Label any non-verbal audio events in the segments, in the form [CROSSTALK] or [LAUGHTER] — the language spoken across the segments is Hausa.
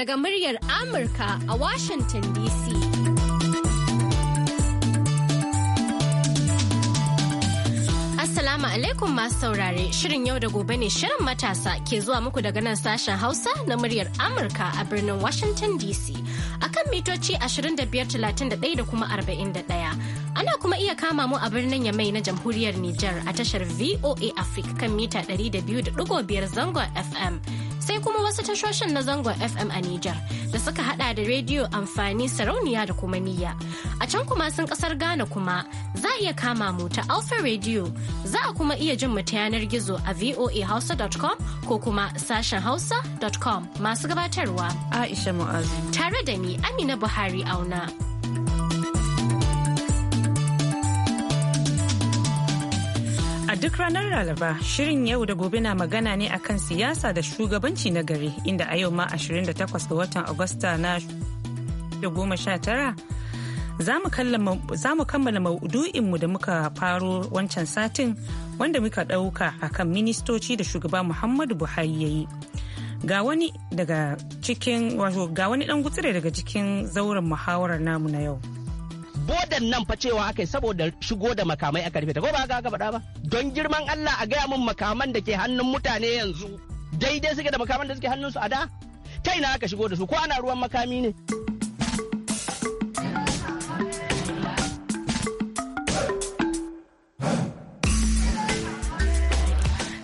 daga muryar Amurka a Washington DC. Assalamu alaikum masu saurare shirin yau da gobe ne shirin matasa ke zuwa muku daga nan sashen Hausa na muryar Amurka a birnin Washington DC akan mitoci 2531 da kuma 41. Ana kuma iya kama mu a birnin Yamai na jamhuriyar Nijar a tashar VOA Africa kan mita 200.5 zangon FM. sai kuma wasu tashoshin na zangon FM a Nijar da suka hada da rediyo amfani sarauniya da kuma niyya. A can kuma sun kasar Ghana kuma za iya kama mu ta Alpha rediyo za a kuma iya jin mu ta yanar gizo a voahausa.com ko kuma sashen hausa.com masu gabatarwa. Aisha Mu'azu. Tare da ni Amina Buhari auna. A duk ranar Laraba, shirin yau da gobe na magana ne akan siyasa da shugabanci na gari inda a yau ma 28 ga watan Agusta na 2019 za mu kammala mu da muka faro wancan satin wanda muka ɗauka akan ministoci da shugaba muhammadu buhari ya yi ga wani ɗan gutsire daga cikin zauren muhawarar namu na yau bodan nan fa cewa akai saboda shigo da makamai aka rufe ta ko ba aka ba don girman Allah a gaya mun makaman da ke hannun mutane yanzu daidai suke da makaman da suke hannunsu a da ta ina aka shigo da su ko ana ruwan makami ne.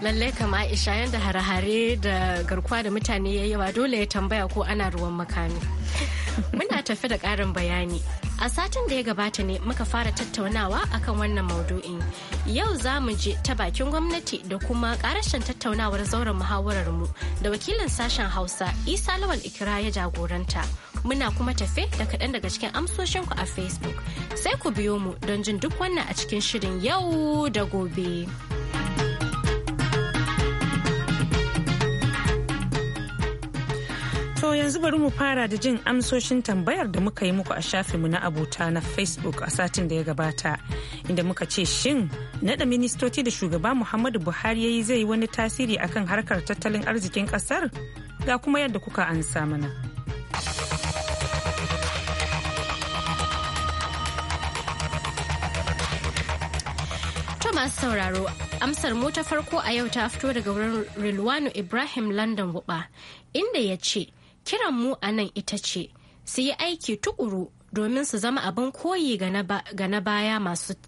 lallai kama aisha yadda hare-hare da garkuwa da mutane ya yawa dole ya tambaya ko ana ruwan makami muna tafi da karin bayani A satin da ya gabata ne muka fara tattaunawa akan wannan maudu'in. Yau za mu je ta bakin gwamnati da kuma karashen tattaunawar zauren muhawarar mu da wakilin sashen Hausa Isa Lawal Ikira ya jagoranta. Muna kuma tafe da kaɗan daga cikin amsoshinku a Facebook. Sai ku biyo mu don jin duk wannan a cikin shirin yau da gobe. yanzu bari mu fara da jin amsoshin tambayar da muka yi muku a mu na abota na Facebook a satin da ya gabata inda muka ce shin nada ministoci da shugaba Muhammadu Buhari ya yi zai yi wani tasiri akan harkar tattalin arzikin kasar ga kuma yadda kuka ansa mana. masu sauraro amsar mu ta farko a yau ta fito daga wurin Rilwanu Ibrahim London Wuba inda ya ce kiran mu a nan ita ce su yi aiki tukuru domin su zama abin koyi ga na baya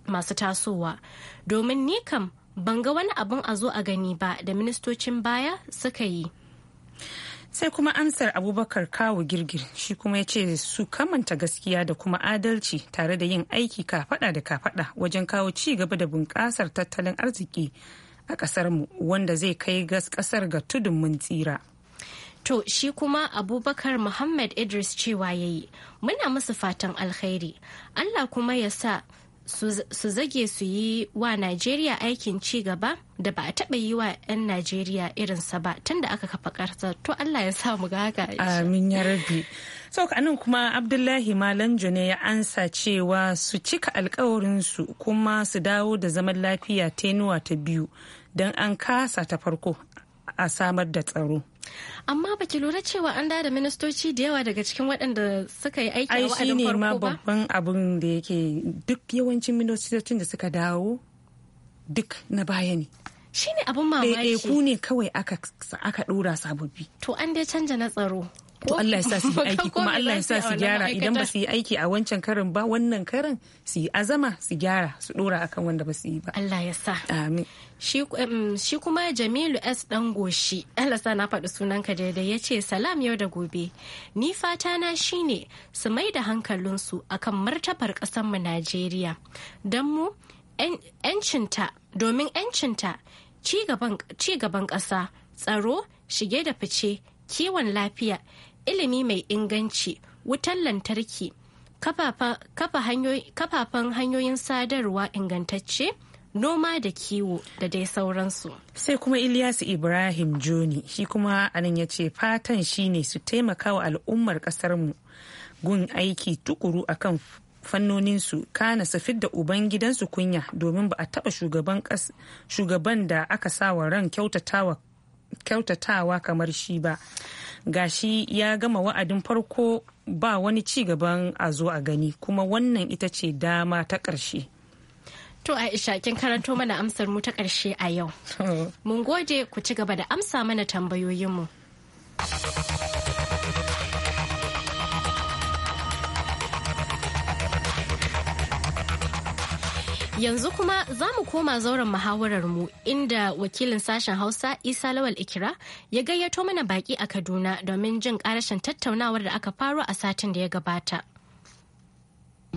masu tasowa domin ni kam ban ga wani abin a zo a gani ba da ministocin baya suka yi sai kuma ansar abubakar kawo girgir shi kuma ya ce su kamanta gaskiya da kuma adalci tare da yin aiki kafada da kafada wajen kawo ci gaba da bunƙasar tattalin arziki a ƙasarmu wanda zai kai gas ƙasar ga tudun mun tsira. To shi kuma Abubakar Muhammad Idris cewa ya yi, muna musu fatan alkhairi, Allah kuma ya sa su zage su yi wa Najeriya aikin ci gaba da ba a taɓa yi wa 'yan Najeriya irinsa ba tun da aka kafa ƙarsa to Allah ya sa mu ga haka. Amin ya rabi. So anan kuma Abdullahi Malam ne ya ansa cewa su cika alkawarinsu kuma su dawo da zaman lafiya tenuwa ta biyu don an kasa ta farko a samar da tsaro amma baki lura cewa an da ministoci da yawa daga cikin waɗanda suka yi aiki a wa'adin farko ba ai ne ma babban abin da yake duk yawancin ministocin da suka dawo duk na baya ne ne abin mamaki ɗaiɗaiku ne kawai aka ɗora sababbi to an dai canja na tsaro to Allah ya sa su yi [LAUGHS] aiki kuma Allah ya sa su gyara idan ba su yi aiki a wancan karin ba wannan karin su yi azama su gyara su dora akan wanda ba su yi ba Allah ya sa amin shi kuma Jamilu S dan goshi Allah sa na faɗi sunan ka daidai yace salam yau da gobe ni fata na shine su mai da hankalinsu akan martabar ƙasar mu Najeriya dan mu 'yancinta domin 'yancinta ci gaban ƙasa tsaro shige da fice kiwon lafiya ilimi mai inganci wutan lantarki kafafen hanyoyin sadarwa ingantacce noma da kiwo da dai sauransu. Sai kuma Ilyas Ibrahim Joni shi kuma anan ya ce fatan shine su taimaka wa al'ummar kasarmu gun aiki tukuru akan fannoninsu kana su fidda uban gidansu kunya domin ba a taba shugaban da aka sawa ran kyautatawa kyautatawa kamar shi ba gashi ya gama wa'adin farko ba wani ci gaban a zo a gani kuma wannan ita ce dama ta ƙarshe To Aisha kin karanto mana amsar mu ta ƙarshe a yau. [LAUGHS] Mun gode ku ci gaba da amsa mana tambayoyin mu. Yanzu kuma za mu koma zauren muhawararmu inda wakilin sashen Hausa Isa Lawal Ikira ya gayyato mana baki a Kaduna domin jin karashin tattaunawar da aka faro a satin da ya gabata.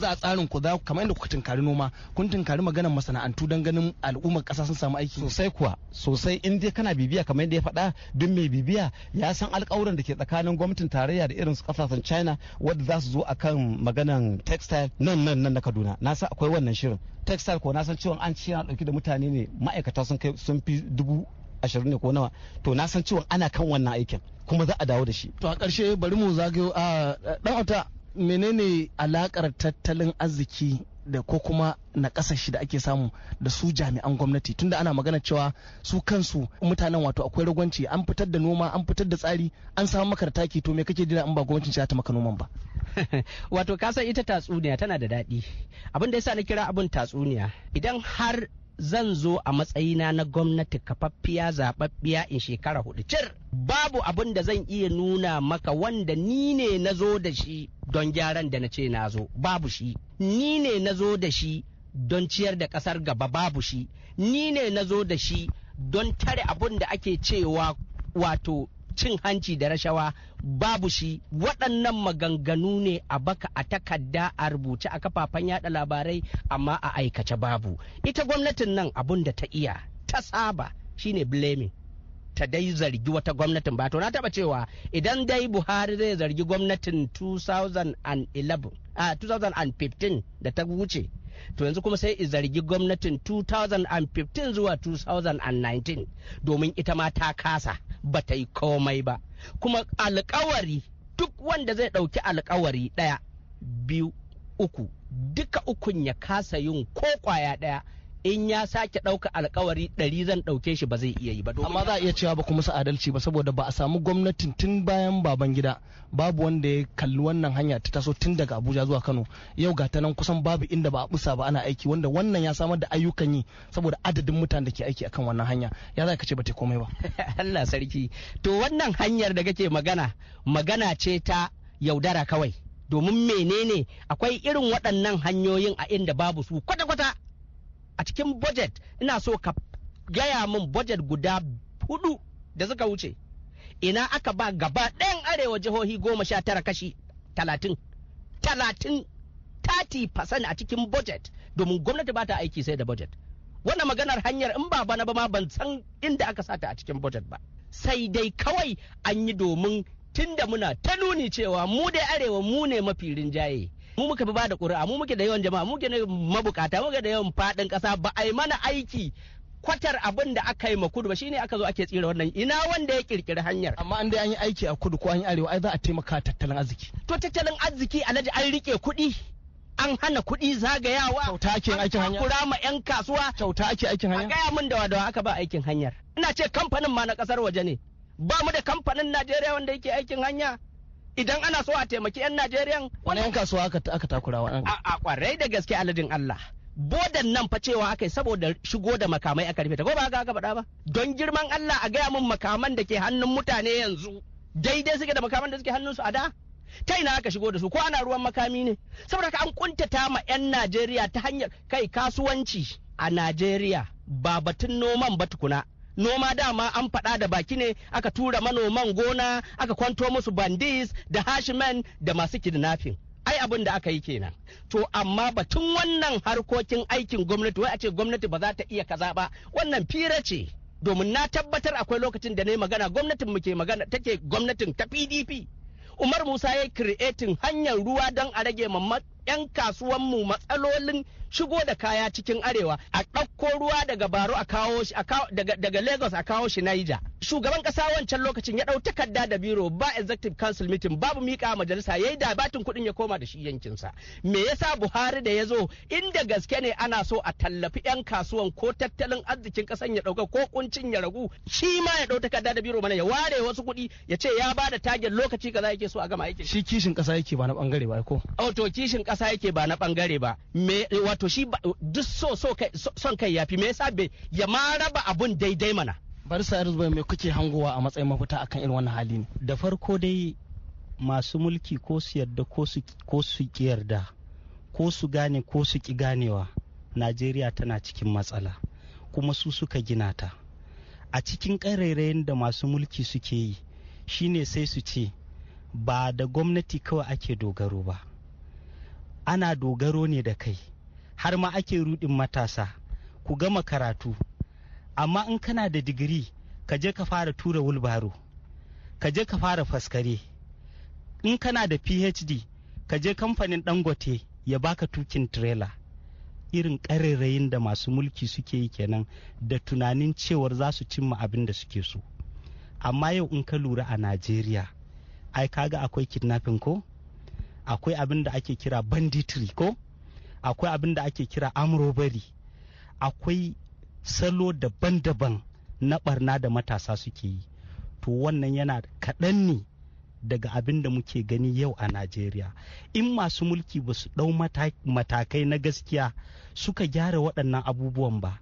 za a tsarin ku za kamar yadda kuka tunkari noma kun tunkari maganar masana'antu don ganin al'ummar ƙasa sun samu aiki sosai kuwa sosai in dai kana bibiya kamar yadda ya faɗa duk mai bibiya ya san alƙawuran da ke tsakanin gwamnatin tarayya da irin su ƙasashen China wadda za su zo akan maganan textile nan nan nan na Kaduna na san akwai wannan shirin textile ko na san cewa an ce ɗauki da mutane ne ma'aikata sun kai sun fi dubu ashirin ne ko nawa to na san cewa ana kan wannan aikin kuma za a dawo da shi to a ƙarshe bari mu zagayo a ɗan menene alakar tattalin arziki da ko kuma na kasashe da ake samu da su jami'an gwamnati tunda ana magana cewa su kansu mutanen wato akwai ragwanci an fitar da noma an fitar da tsari an samu maka taki to me kake jira in ba gwamnatin ta maka noman ba [LAUGHS] wato kasan ita tatsuniya tana da daɗi abin da yasa na kira abin tatsuniya idan har zan zo a matsayina na gwamnati kafaffiya zaɓaɓɓiya in shekara hudu cir babu abin da zan iya nuna maka wanda ni ne na zo da shi don gyaran da na ce na zo babu shi ni ne na zo da shi don ciyar da ƙasar gaba babu shi ni ne na zo da shi don tare abin da ake cewa wato cin hanci da rashawa babu shi waɗannan maganganu ne a baka a takarda a rubuce a kafafen yada labarai amma a aikace babu ita gwamnatin nan abun da ta iya ta saba shine blaming ta dai zargi wata gwamnatin ba to na taba cewa idan dai buhari zai zargi gwamnatin 2011 a 2015 da ta wuce to yanzu kuma sai zargi gwamnatin 2015 zuwa 2019 domin ita ma ta kasa ba ta yi komai ba kuma alkawari duk wanda zai ɗauki alkawari ɗaya biyu uku duka ukun ya kasa yin ko kwaya ɗaya in ya sake ɗauka alkawari ɗari zan ɗauke shi ba zai iya yi ba. Amma za a iya cewa ba kuma su adalci ba saboda ba a samu gwamnatin tun bayan baban gida babu wanda ya kalli wannan hanya ta taso tun daga Abuja zuwa Kano yau ga ta nan kusan babu inda ba a busa ba ana aiki wanda wannan ya samar da ayyukan yi saboda adadin mutanen da ke aiki akan wannan hanya ya za ka ce ba ta komai ba. [LAUGHS] Allah sarki to wannan hanyar da kake magana magana ce ta yaudara kawai domin menene akwai irin waɗannan hanyoyin a inda babu su kwata-kwata a cikin budget ina so ka gaya min budget guda hudu da suka wuce ina aka ba gaba ɗayan arewa jihohi goma sha tara kashi talatin talatin tati percent a cikin budget domin gwamnati ba ta aiki sai da budget wannan maganar hanyar in ba bana ba ma ban san inda aka sata a cikin budget ba sai dai kawai an yi domin tunda muna ta nuni cewa mu dai arewa mu ne mafi rinjaye mu muka fi bada ƙuri'a mu muke da yawan jama'a muke da mabukata muke da yawan faɗin ƙasa ba a yi mana aiki kwatar abin da aka yi ma kudu ba shine aka zo ake tsira wannan ina wanda ya kirkiri hanyar amma an dai an yi aiki a kudu ko an yi arewa ai za a taimaka tattalin arziki to tattalin arziki alhaji an rike kuɗi an hana kuɗi zagayawa kyauta ake aikin hanya kura ma yan kasuwa kyauta ake aikin hanya a gaya min da wadawa aka ba aikin hanyar ina ce kamfanin ma na kasar waje ne ba mu da kamfanin Najeriya wanda yake aikin hanya idan ana so a taimaki 'yan Najeriya. Wani 'yan kasuwa aka takurawa. A kwarai da gaske aladin Allah. bodan nan fa cewa aka saboda shigo da makamai aka rufe ta ko ba aka ba don girman Allah a gaya mun makaman da ke hannun mutane yanzu daidai suke da makaman da suke hannun su a da ta ina aka shigo da su ko ana ruwan makami ne saboda ka an kuntata ma 'yan Najeriya ta hanyar kai kasuwanci a Najeriya ba batun noman ba tukuna noma dama an faɗa da baki ne aka tura manoman gona aka kwanto musu bandis da hashman da masu kidnapping ai abin da aka yi kenan to amma batun wannan harkokin aikin gwamnati wai a ce gwamnati ba za ta iya kaza ba wannan fira ce domin na tabbatar akwai lokacin da na yi magana gwamnatin mu ke magana take gwamnatin ta pdp umar musa ya creating hanyar ruwa don a rage 'yan kasuwanmu matsalolin shigo da kaya cikin arewa a ɗauko ruwa daga baro a kawo shi daga lagos a kawo shi naija shugaban ƙasa wancan lokacin ya ɗau takarda da biro ba executive council meeting babu mika majalisa Ya yi da batin kuɗin ya koma da shi yankinsa me yasa buhari da ya zo inda gaske ne ana so a tallafi 'yan kasuwan ko tattalin arzikin ƙasan ya ɗauka ko kuncin ya ragu shi ma ya ɗau takarda da biro mana ya ware wasu kuɗi ya ce ya ba da tagen lokaci kaza yake so a gama aikin shi kishin ƙasa yake ba na bangare ba ko auto oh, kishin ƙasa yake ba na bangare ba me wato shi duk so so son kai yafi me yasa bai ya ma raba abun daidai mana bari sa arziki me kuke hangowa a matsayin mafita akan irin wannan hali ne da farko dai masu mulki ko su yarda ko su ki yarda ko su gane ko su ki ganewa najeriya tana cikin matsala kuma su suka gina ta a cikin ƙarairayin da masu mulki suke yi shine sai su ce ba da gwamnati kawai ake dogaro ba ana dogaro ne da kai har ma ake rudin matasa ku gama karatu amma in kana da digiri ka je ka fara tura wulbaro ka je ka fara faskare in kana da phd ka je kamfanin dangote ya baka tukin trela irin ƙarerayin da masu mulki suke yi kenan da tunanin cewar za su cimma abin da suke so amma yau in ka lura a najeriya ai kaga akwai kidnapping ko akwai abin da ake kira banditry ko akwai abin da ake kira amrobari akwai salo daban-daban na barna da matasa suke yi to wannan yana kaɗan ne daga abin da muke gani yau a najeriya in masu mulki ba su ɗau matakai na gaskiya suka gyara waɗannan abubuwan ba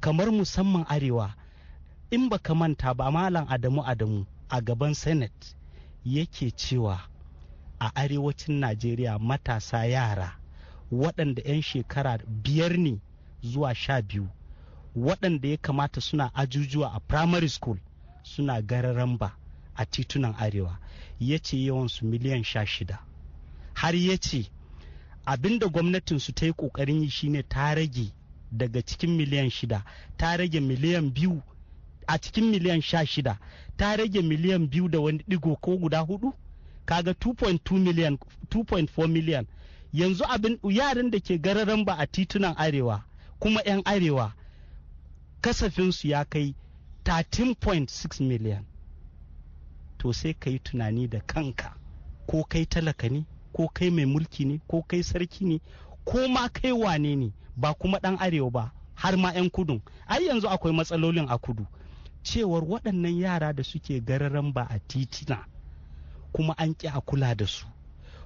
kamar musamman arewa in ba ka manta ba malam adamu adamu a gaban senate yake cewa a arewacin najeriya matasa yara waɗanda 'yan shekara biyar ne zuwa sha biyu waɗanda ya kamata suna ajujuwa a primary school suna gararan ba a titunan arewa ya ce yawansu miliyan sha shida har ya ce abinda gwamnatinsu ta yi ƙoƙarin yi shine ta rage daga cikin miliyan shida ta rage miliyan biyu a cikin miliyan sha shida ta rage miliyan biyu da wani digo ko guda hudu kaga 2.2 miliyan 2.4 miliyan yanzu abin yaran da ke gararan ba a titunan arewa kuma 'yan arewa kasafinsu ya kai 13.6 miliyan to sai ka yi tunani da kanka ko kai talaka ne ko kai mai mulki ne ko kai sarki ne ko ma kai wane ne ba kuma ɗan arewa ba har ma 'yan kudu ai yanzu akwai matsalolin a kudu cewar waɗannan yara da suke gararan ba a titina kuma an ƙi a kula da su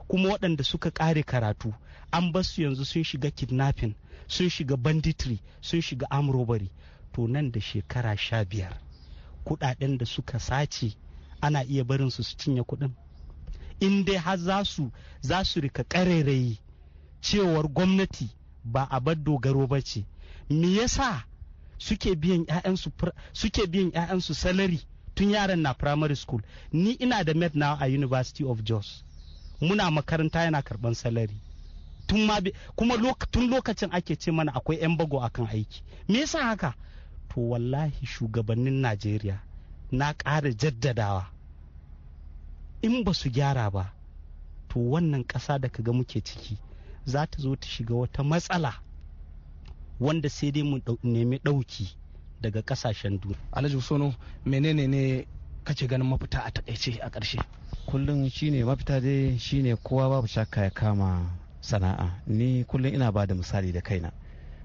kuma waɗanda suka ƙare karatu an bar su yanzu sun shiga kidnapin sun shiga banditri sun shiga amrobari to nan da shekara sha biyar kuɗaɗen da suka sace ana iya barin su su cinye kuɗin in dai har za su za su rika ƙarairayi cewar gwamnati ba a bar dogaro ba ce me yasa suke biyan 'ya'yansu salari tun yaran na primary school ni ina da met na a university of jos muna makaranta yana karban salari tun ma kuma tun lokacin ake ce mana akwai yan bago akan aiki me yasa haka to wallahi shugabannin najeriya na ƙara jaddadawa in ba su gyara ba to wannan ƙasa da kaga muke ciki za ta zo ta shiga wata matsala wanda sai dai mu nemi ɗauki daga kasashen duniya. Alhaji Sono menene ne kace ganin mafita a takaice a ƙarshe? Kullum shine mafita dai shine kowa babu shakka ya kama sana'a. Ni kullum ina bada misali da kaina.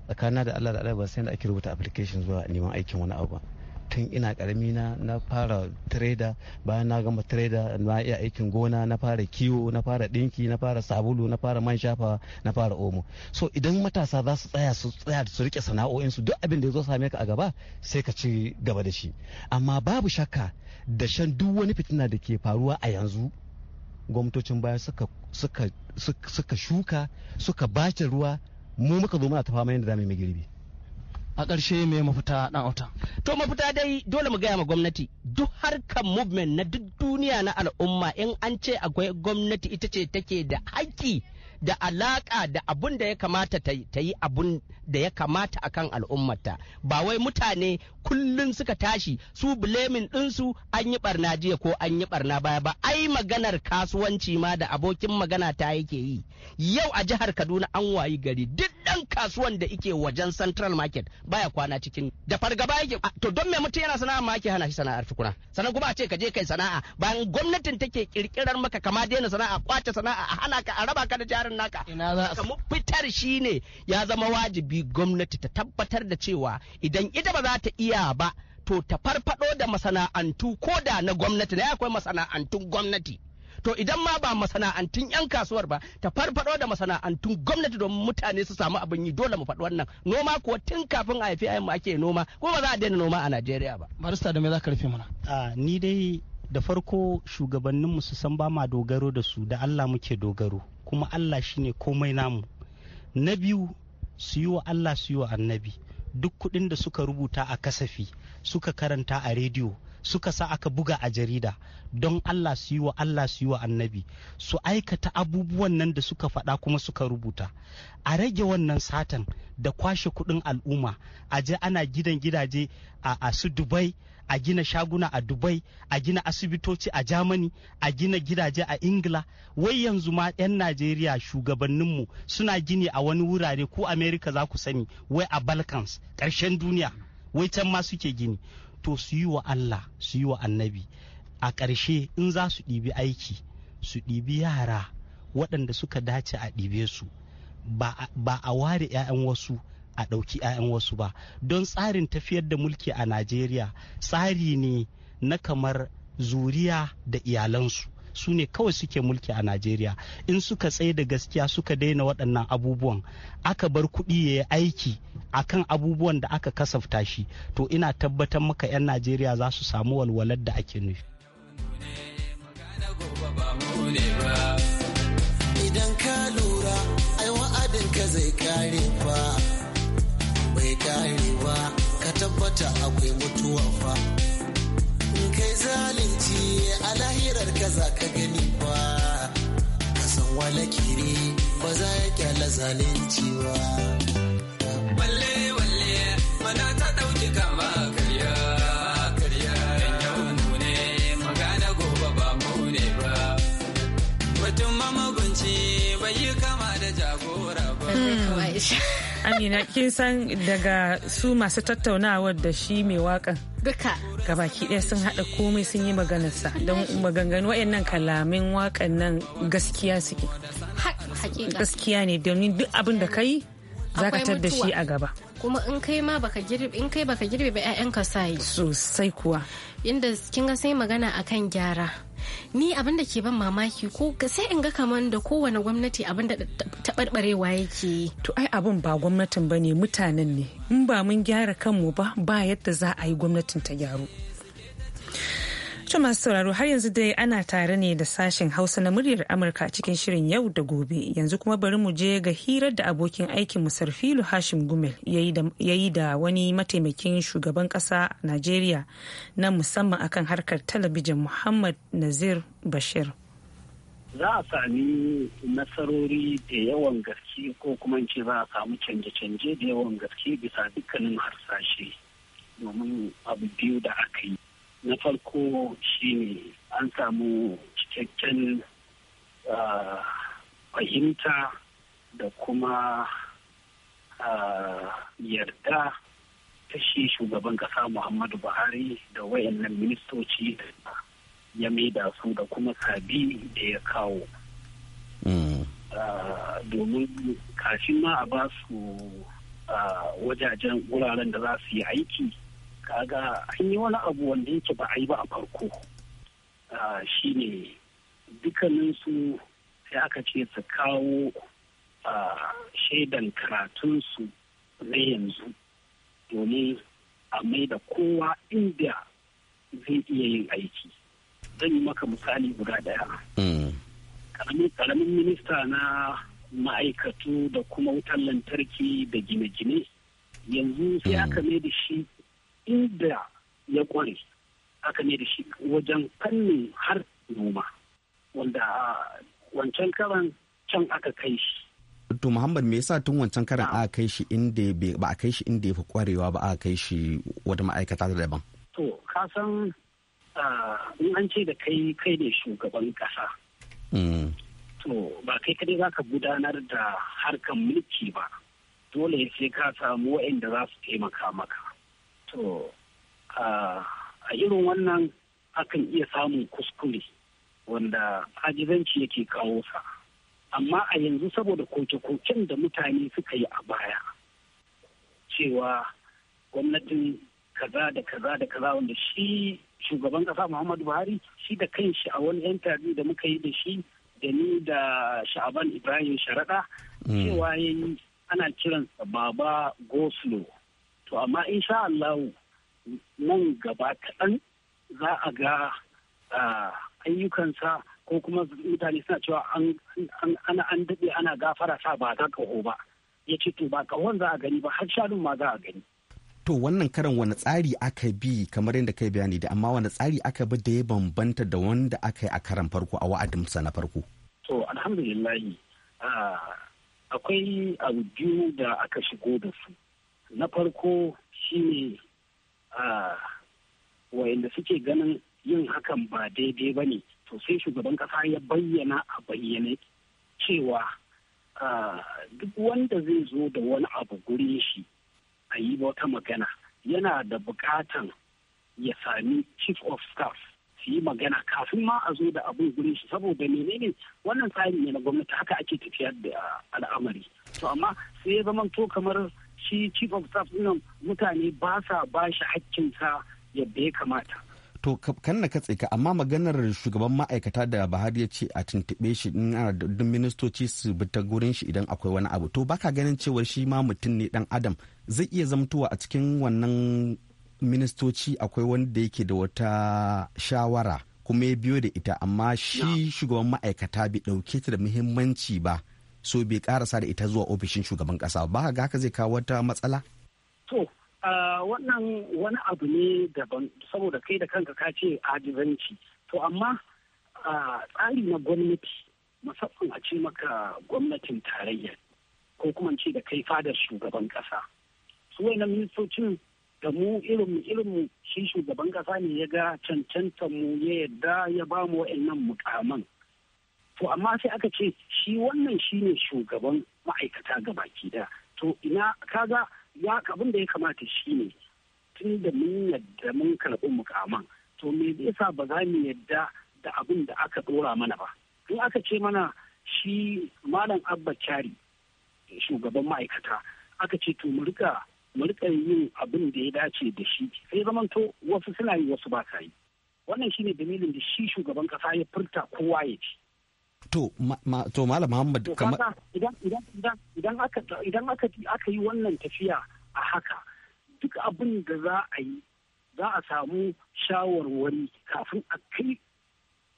Tsakanina da Allah da Allah ba sai da ake rubuta application zuwa neman aikin wani abu ba. tun ina karami na na fara trader bayan na gama trader na iya aikin gona na fara kiwo na fara dinki na fara sabulu na fara man shafawa na fara omo so idan matasa za su tsaya su tsaya su rike sana'o'in su duk abin da ya zo same ka a gaba sai ka ci gaba da shi amma babu shakka da shan duk wani fitina da ke faruwa a yanzu gwamnatocin baya suka suka suka shuka suka bace ruwa mu muka zo muna ta fama yadda za mu girbi a ƙarshe me mafita ɗan auta to mafita dai dole mu gaya ma gwamnati duk harkar movement na duk duniya na al'umma in an ce akwai gwamnati ita ce take da haƙƙi da alaka da abun da ya kamata ta yi abun da ya kamata akan al'ummata ba wai mutane kullum suka tashi su blamin ɗinsu an yi barna jiya ko an yi barna baya ba ai maganar kasuwanci ma da abokin magana ta yake yi yau a jihar kaduna an wayi gari duk ɗan kasuwan da ike wajen central market baya kwana cikin da fargaba yake to don me mutum yana sana'a ma ake hana shi sana'ar tukuna sannan kuma a ce ka je kai sana'a bayan gwamnatin take kirkirar maka kama daina sana'a kwace sana'a a hana ka a raba ka da jihar fitar naka mu fitar ne ya zama wajibi gwamnati ta tabbatar da cewa idan ita ba za ta iya ba to ta farfado da masana'antu ko da na gwamnati na akwai masana'antun gwamnati to idan ma ba masana'antun 'yan kasuwar ba ta farfado da masana'antun gwamnati domin mutane su samu abin yi dole mu faɗi wannan noma kuwa tun kafin a haifi mu ake noma ko ba za a daina noma a najeriya ba barista da me za ka rufe mana ni dai da farko shugabanninmu su san ba ma dogaro da su da allah muke dogaro kuma Allah shine komai namu na biyu su yi wa Allah su yi wa annabi duk kuɗin da suka rubuta a kasafi suka karanta a rediyo suka sa aka buga a jarida don Allah su yi wa Allah su yi wa annabi su aikata abubuwan nan da suka faɗa kuma suka rubuta a rage wannan satan da kwashe kuɗin al'umma a je ana gidan gidaje a su dubai a gina shaguna a dubai a gina asibitoci a germany a gina gidaje a ingila wai yanzu ma 'yan najeriya shugabanninmu suna gini a wani wurare ko Amerika za ku sani wai a balkans ƙarshen duniya wai can ma suke gini to su yi wa allah su yi wa annabi a ƙarshe in za su ɗibi aiki su ɗibi yara waɗanda suka dace a ɗibe su ba a ware 'ya'yan wasu a ɗauki 'ya'yan wasu ba don tsarin tafiyar da mulki a najeriya tsari ne na kamar zuriya da iyalansu su ne kawai suke mulki a najeriya in suka tsaye da gaskiya suka daina waɗannan abubuwan aka bar kuɗi ya yi aiki a kan abubuwan da aka kasafta shi to ina tabbatar maka 'yan najeriya za su samu walwalar da ake nufi idan ka lura ai wa'adin ka zai kare fa karewa ka tabbata akwai mutuwa fa kai zalunci a lahirar ka za ka gani ba ka san wala kiri ba za ya kyala zalunci ba balle walle mana ta dauki kama amina kin san daga su masu tattaunawar da shi mai wakan duka gabaki ɗaya sun haɗa komai sun yi maganarsa don maganganu waɗannan kalamin wakan nan gaskiya suke gaskiya ne domin duk abin da ka yi za ka tar da shi a gaba kuma in kai ma baka girbe in kai baka girbe ba ƴaƴanka sai sosai kuwa inda kin ga sai magana akan gyara ni abin da ke ban mamaki ko sai in ga kaman da kowane gwamnati abin da taɓarɓarewa yake to ai abin ba gwamnatin ba ne mutanen ne in ba mun gyara kanmu ba ba yadda za a yi gwamnatin ta gyaru To masu sauraro har yanzu dai ana tare ne da sashen Hausa na muryar Amurka cikin shirin yau da gobe. Yanzu kuma bari mu je ga hirar da abokin aikin mu Sarfilu Hashim Gumel ya yi da wani mataimakin shugaban kasa a Najeriya na musamman akan harkar talabijin Muhammad Nazir Bashir. Za a sami nasarori da yawan gaske ko kuma ce za a samu canje-canje da yawan gaske bisa dukkanin harsashe domin abu biyu da aka yi. na farko shine an samu cikakken ah, fahimta da kuma ah, yarda ta shi shugaban kasa muhammadu buhari da wayannan ministoci ya maida su da kuma sabi da ya kawo mm. ah, domin kafin ma a ba su wajajen wuraren da za su yi aiki kaga an yi wani abu wanda yake ba a yi ba a farko Shi ah, shine dukkaninsu sai aka ce su kawo ah, shaidan karatunsu na yanzu domin a mai da kowa inda zai iya yin aiki zan yi maka misali guda daya mm. karamin minista na ma'aikatu da kuma wutar lantarki da gine-gine yanzu sai mm. aka mai da shi inda ya kware aka ne da shi wajen fannin har noma wanda wancan karan can aka kai shi to muhammad me yasa tun wancan karan ah. aka kai shi inda ba a kai shi inda ya fi kwarewa ba aka kai shi wata ma'aikata da daban to ka san in an ce da kai kai ne shugaban kasa mm. to ba kai kadai za ka gudanar da harkar mulki ba dole sai ka samu waɗanda za su taimaka maka to a irin wannan akan iya samun kuskure wanda ajizanci yake kawo sa amma a yanzu saboda koke-koken da mutane suka yi a baya cewa gwamnatin kaza da kaza da kaza wanda shi shugaban kasa muhammadu buhari shi da kanshi a wani interview da muka yi da shi da ni da sha'aban ibrahim sharaɗa mm. cewa ya yi ana kiransa baba goslo to amma insha Allah nan gaba kaɗan za a ga ayyukansa ko kuma mutane suna cewa an daɗe ana gafara sa ba ga ƙaho ba ya ce to ba ƙahon za a gani ba har shanun ma za a gani to wannan karan wani tsari aka bi kamar yadda kai bayani da amma wani tsari aka bi da ya bambanta da wanda aka yi a karan farko a wa'adinsa na farko to alhamdulillah akwai abu biyu da aka shigo da su na farko shine a wayanda suke ganin yin hakan ba daidai ba ne to sai shugaban kasa ya bayyana a bayyane cewa duk wanda zai zo da wani abu gurin shi a yi wata magana yana da bukatan ya sami chief of staff su yi magana kafin ma a zo da abin gurin shi saboda menene wannan tsarin ne na gwamnati haka ake tafiyar da al'amari to amma sai ya zama to kamar shi chief of staff ɗin mutane ba sa ba shi sa yadda ya kamata. To kan na katse ka amma maganar shugaban ma'aikata da bahari ya ce a tuntuɓe shi in ana ministoci su bi ta gurin shi idan akwai wani abu to baka ganin cewar shi ma mutum ne dan adam zai iya zamtuwa a cikin wannan ministoci akwai wanda yake da wata shawara kuma ya biyo da ita amma shi shugaban ma'aikata bai ɗauke ta da muhimmanci ba so bai karasa da ita zuwa ofishin shugaban kasa ba ga haka zai kawo wata matsala to wannan wani abu ne daban saboda kai da kanka ka ce ajizanci to amma tsari na gwamnati musamman a ce maka gwamnatin tarayya ko kuma ce da kai fadar shugaban kasa su na ministocin da mu irin irin shi shugaban kasa ne ya ga cancantar mu ya yarda ya ba mu wa'annan mukaman to amma sai aka ce shi wannan shine shugaban ma'aikata ga baki da to ina kaga ya abin da ya kamata shine tun da mun yadda mun karɓi mukaman to me zai sa ba za mu yadda da abin da aka ɗora mana ba in aka ce mana shi malam abba kyari shugaban ma'aikata aka ce to mu rika mu rika yin abin da ya dace da shi sai zaman to wasu suna yi wasu ba sa yi wannan shine dalilin da shi shugaban kasa ya furta kowa ya ci To, ma, to Malam Muhammad kamar idan idan aka aka yi wannan tafiya a haka duk abin da za a yi za a samu shawarwari kafin a kai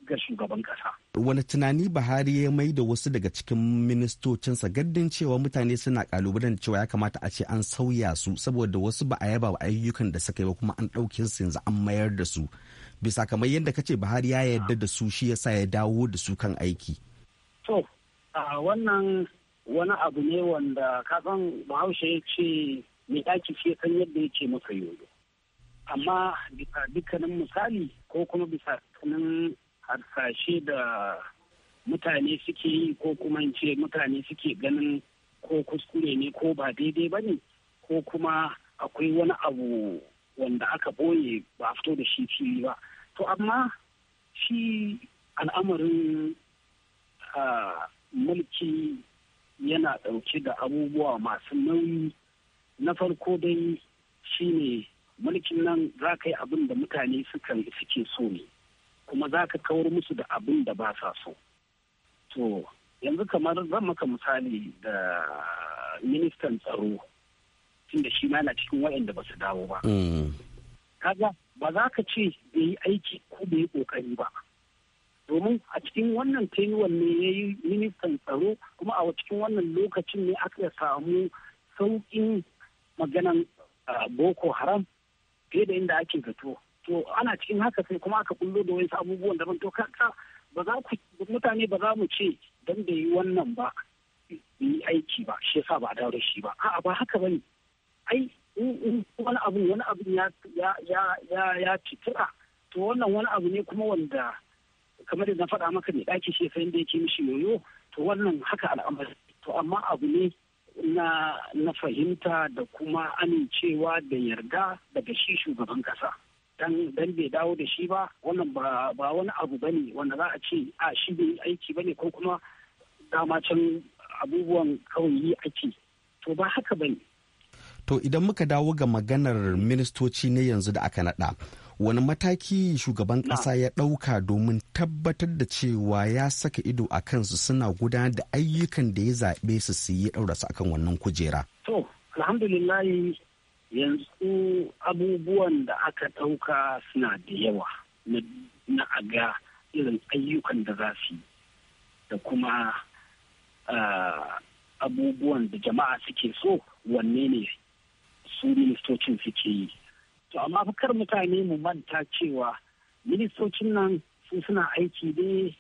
ga shugaban ƙasa. Wani tunani Buhari ya mai da wasu daga cikin ministocinsa gaddin cewa mutane suna kalubalen cewa ya kamata a ce an sauya su saboda wasu ba a yaba ayyukan da suka yi ba kuma an ɗauke su yanzu an mayar da su bisa kamar yadda kace Buhari ya yarda da su shi yasa ya dawo da su kan aiki to wannan wani abu ne wanda kasan Bahaushe ya ce mai ɗaki ce kan yadda ya ce masa yoyo amma bisa dukkanin misali ko kuma bisa dukkanin harsashe da mutane suke yi ko kuma in ce mutane suke ganin ko kuskure ne ko ba daidai ba ne ko kuma akwai wani abu wanda aka boye ba a fito da shi fili ba to amma shi al'amarin mulki yana ɗauke da abubuwa masu nauyi na farko dai shi ne mulkin nan za ka yi abin da mutane suke so ne kuma za ka kawar musu da abin da ba sa so to yanzu kamar zan maka misali da ministan tsaro da shi ma yana cikin waɗanda ba su dawo ba. Mm. Kaga ba za ka ce bai yi aiki ko bai yi ƙoƙari ba. Domin a cikin wannan tenuwan ne ya yi ministan tsaro kuma a cikin wannan lokacin ne aka samu sauƙin maganan Boko Haram fiye da inda ake zato. To ana cikin haka sai kuma aka kullo da wasu abubuwan daban to kaka ba za ku mutane ba za mu ce don bai yi wannan ba yi aiki ba shi yasa ba a dawo da shi ba a'a ba haka bane ai in wani abu wani abu ya ya to wannan wani abu ne kuma wanda kamar da na faɗa maka ne ɗaki shi fa da yake mishi yoyo to wannan haka al'amari to amma abu ne na na fahimta da kuma amincewa da yarda daga shi shugaban kasa dan dan bai dawo da shi ba wannan ba ba wani abu bane wanda za a ce a shi bai aiki bane ko kuma dama can abubuwan kawai yi ake to ba haka bane to idan muka dawo ga maganar ministoci ne yanzu da aka naɗa wani mataki shugaban ƙasa ya ɗauka domin tabbatar da cewa ya saka ido a kansu suna gudanar da ayyukan da ya zaɓe su su yi ɗaura su akan wannan kujera. To, alhamdulillahi yanzu abubuwan da aka ɗauka suna da yawa na ga irin ayyukan da za su yi da kuma ah, abubuwan da jama'a suke so wanne ne su ministocin suke yi to amma fukar mutane mu manta cewa ministocin nan su suna aiki ne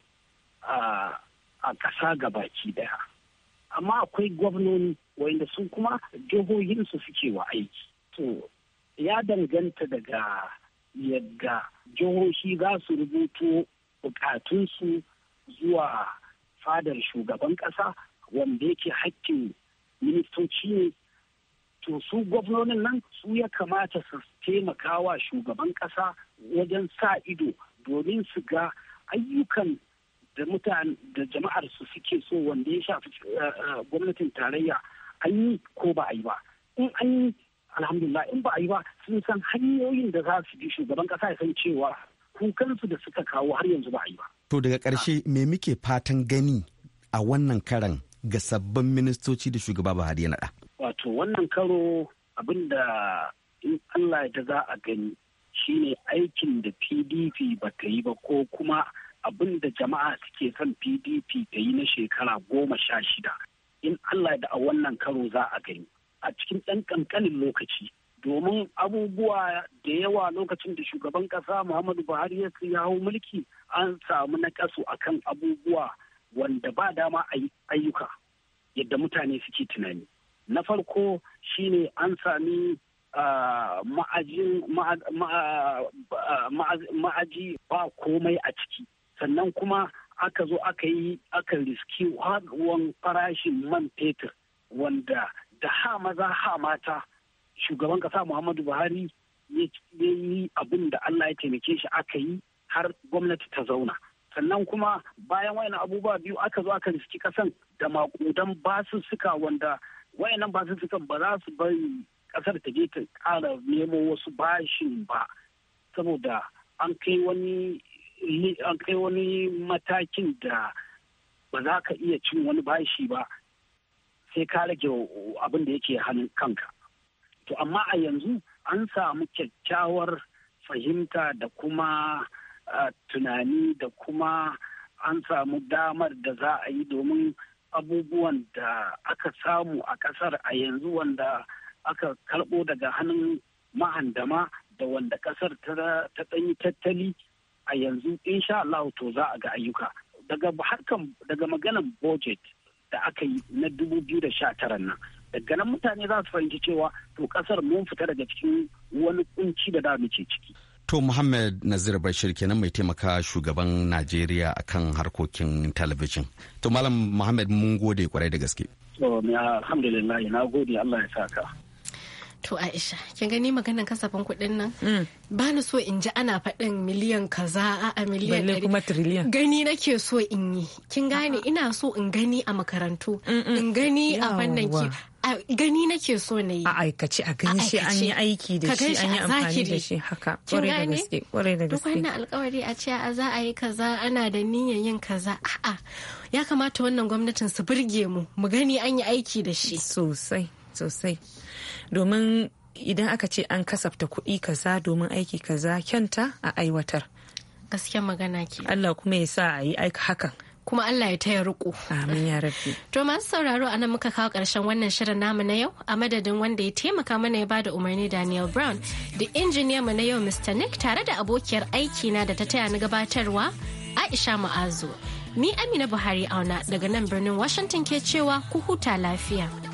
a ƙasa baki daya amma akwai gwamnoni wanda sun kuma jihohinsu suke wa aiki to ya danganta daga yadda jihohi za su rubuto bukatunsu zuwa fadar shugaban ƙasa wanda yake hakkin ministoci ne to su gwamnonin nan su ya kamata su taimaka wa shugaban kasa wajen sa ido domin su ga ayyukan da mutane da jama'ar su suke so wanda ya shafi eh, eh, gwamnatin tarayya an yi ko ba a yi ba in an yi alhamdulillah in ba a yi ba sun san hanyoyin da za su bi shugaban kasa ya san cewa kukansu da suka kawo har yanzu ba a yi ba. To daga ƙarshe me muke fatan gani a wannan karan ga sabbin ministoci da shugaba Buhari ya naɗa? wato wannan karo abinda in allah ya za a gani shine aikin da pdp ba ta yi ba ko kuma abin da jama'a suke son pdp ta yi na shekara goma sha shida in allah da a wannan karo za a gani a cikin ɗan ƙanƙanin lokaci domin abubuwa da yawa lokacin da shugaban ƙasa muhammadu buhari ya hau mulki an samu na kasu akan abubuwa wanda ba dama ayyuka yadda mutane suke tunani na farko shine an sami ma'aji ba komai a ciki sannan kuma aka zo aka yi aka riski haɗuwan farashin man fetur wanda da ha maza ha mata shugaban kasa muhammadu buhari ya yi abin da allah ya taimake shi aka yi har gwamnati ta zauna sannan kuma bayan wayan abubuwa biyu aka zo aka riski kasan da makudan basu suka wanda wayannan nan ba za su bari kasar ta je ta kara nemo wasu bashin ba saboda an kai wani an kai wani matakin da ba za ka iya cin wani bashi ba sai ka rage abin da yake hannun kanka to amma a yanzu an samu kyakkyawar fahimta da kuma eh, tunani da kuma an samu damar da za a yi domin abubuwan da aka samu a kasar a yanzu wanda aka karbo daga hannun mahandama da wanda kasar ta ɗanyi tattali a yanzu insha Allah to za a ga ayyuka daga harkan daga maganan budget da aka yi na da 2019 nan daga nan mutane za su fahimci cewa to kasar mun fita daga cikin wani kunci da da muke ciki To Muhammad Nazir Bashir kenan mai taimaka shugaban Najeriya a kan harkokin talabijin. To Malam Muhammad mun gode kwarai da gaske. To alhamdulillah na gode Allah ya saka. To Aisha, kin gani maganan kasafin kuɗin nan? Mm. Ba ni so in ji ana faɗin miliyan kaza a miliyan ɗari. kuma triliyan. Gani nake so in yi. Kin gane ina so in gani a makarantu, in gani a fannin ki. gani nake so na yi. A aikace a gani shi an yi aiki da shi an yi amfani da shi haka. Kwarai da gaske, kwarai da gaske. wannan alkawari a ce a za a yi kaza ana da niyyar yin kaza a'a. Ya kamata wannan gwamnatin su burge mu mu gani an yi aiki da shi. Sosai, sosai. Domin idan aka ce an kasafta kuɗi kaza domin aiki kaza kyanta a aiwatar. gaskiya magana ke. Allah kuma ya sa a yi aika hakan. kuma Allah ya taya riko. Amin ya rabbi. To masu sauraro a muka kawo ƙarshen wannan shirin namu na yau a madadin wanda ya taimaka mana ya bada umarni Daniel Brown da injiniya mu na yau Mr. Nick tare da abokiyar aiki na da ta taya ni gabatarwa Aisha Mu'azu. Ni Amina Buhari auna daga nan birnin Washington ke cewa ku huta lafiya.